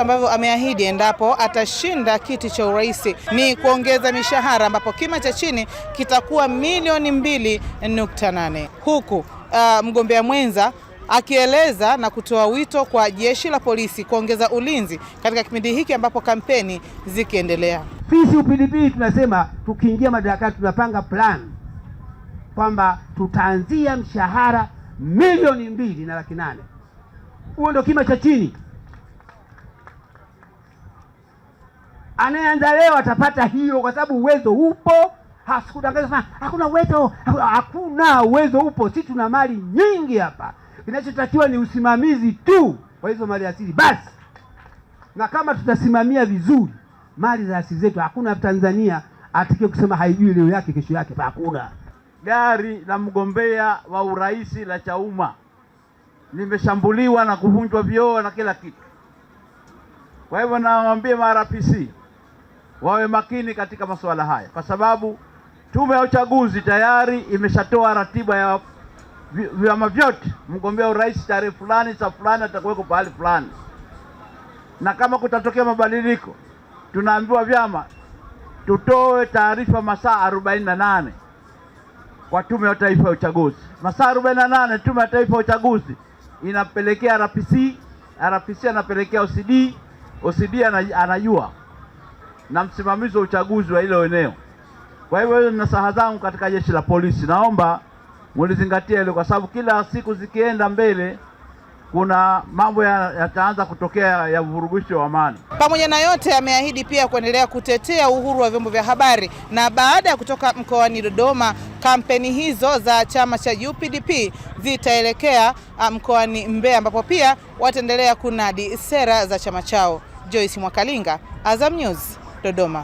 vitu ambavyo ameahidi endapo atashinda kiti cha urais ni kuongeza mishahara, ambapo kima cha chini kitakuwa milioni mbili nukta nane huku uh, mgombea mwenza akieleza na kutoa wito kwa jeshi la polisi kuongeza ulinzi katika kipindi hiki ambapo kampeni zikiendelea. Sisi UPDP tunasema tukiingia madarakani, tunapanga plan kwamba tutaanzia mshahara milioni mbili na laki nane. Huo ndio kima cha chini. Anayeanza leo atapata hiyo, kwa sababu uwezo upo. sana, hakuna uwezo, hakuna uwezo upo. Si tuna mali nyingi hapa, kinachotakiwa ni usimamizi tu wa hizo mali asili basi. Na kama tutasimamia vizuri mali za asili zetu, hakuna Tanzania atakaye kusema haijui leo yake kesho yake, hakuna. Gari la mgombea wa urais la Chauma limeshambuliwa na kuvunjwa vioo na kila kitu. Kwa hivyo nawaambie marafisi wawe makini katika masuala haya, kwa sababu tume ya uchaguzi tayari imeshatoa ratiba ya vyama vyote, mgombea urais tarehe fulani saa fulani atakuweko pahali fulani, na kama kutatokea mabadiliko, tunaambiwa vyama tutoe taarifa masaa arobaini na nane kwa Tume ya Taifa ya Uchaguzi. Masaa arobaini na nane Tume ya Taifa ya Uchaguzi inapelekea RPC, RPC anapelekea OCD, OCD anajua na msimamizi wa uchaguzi wa hilo eneo. Kwa hivyo hiyo na saha zangu katika jeshi la polisi, naomba mulizingatia hilo, kwa sababu kila siku zikienda mbele kuna mambo yataanza ya kutokea ya uvurugushi wa amani. Pamoja na yote, ameahidi pia kuendelea kutetea uhuru wa vyombo vya habari. Na baada ya kutoka mkoani Dodoma, kampeni hizo za chama cha UPDP zitaelekea ah, mkoani Mbeya, ambapo pia wataendelea kunadi sera za chama chao. Joyce Mwakalinga, Azam News. Dodoma.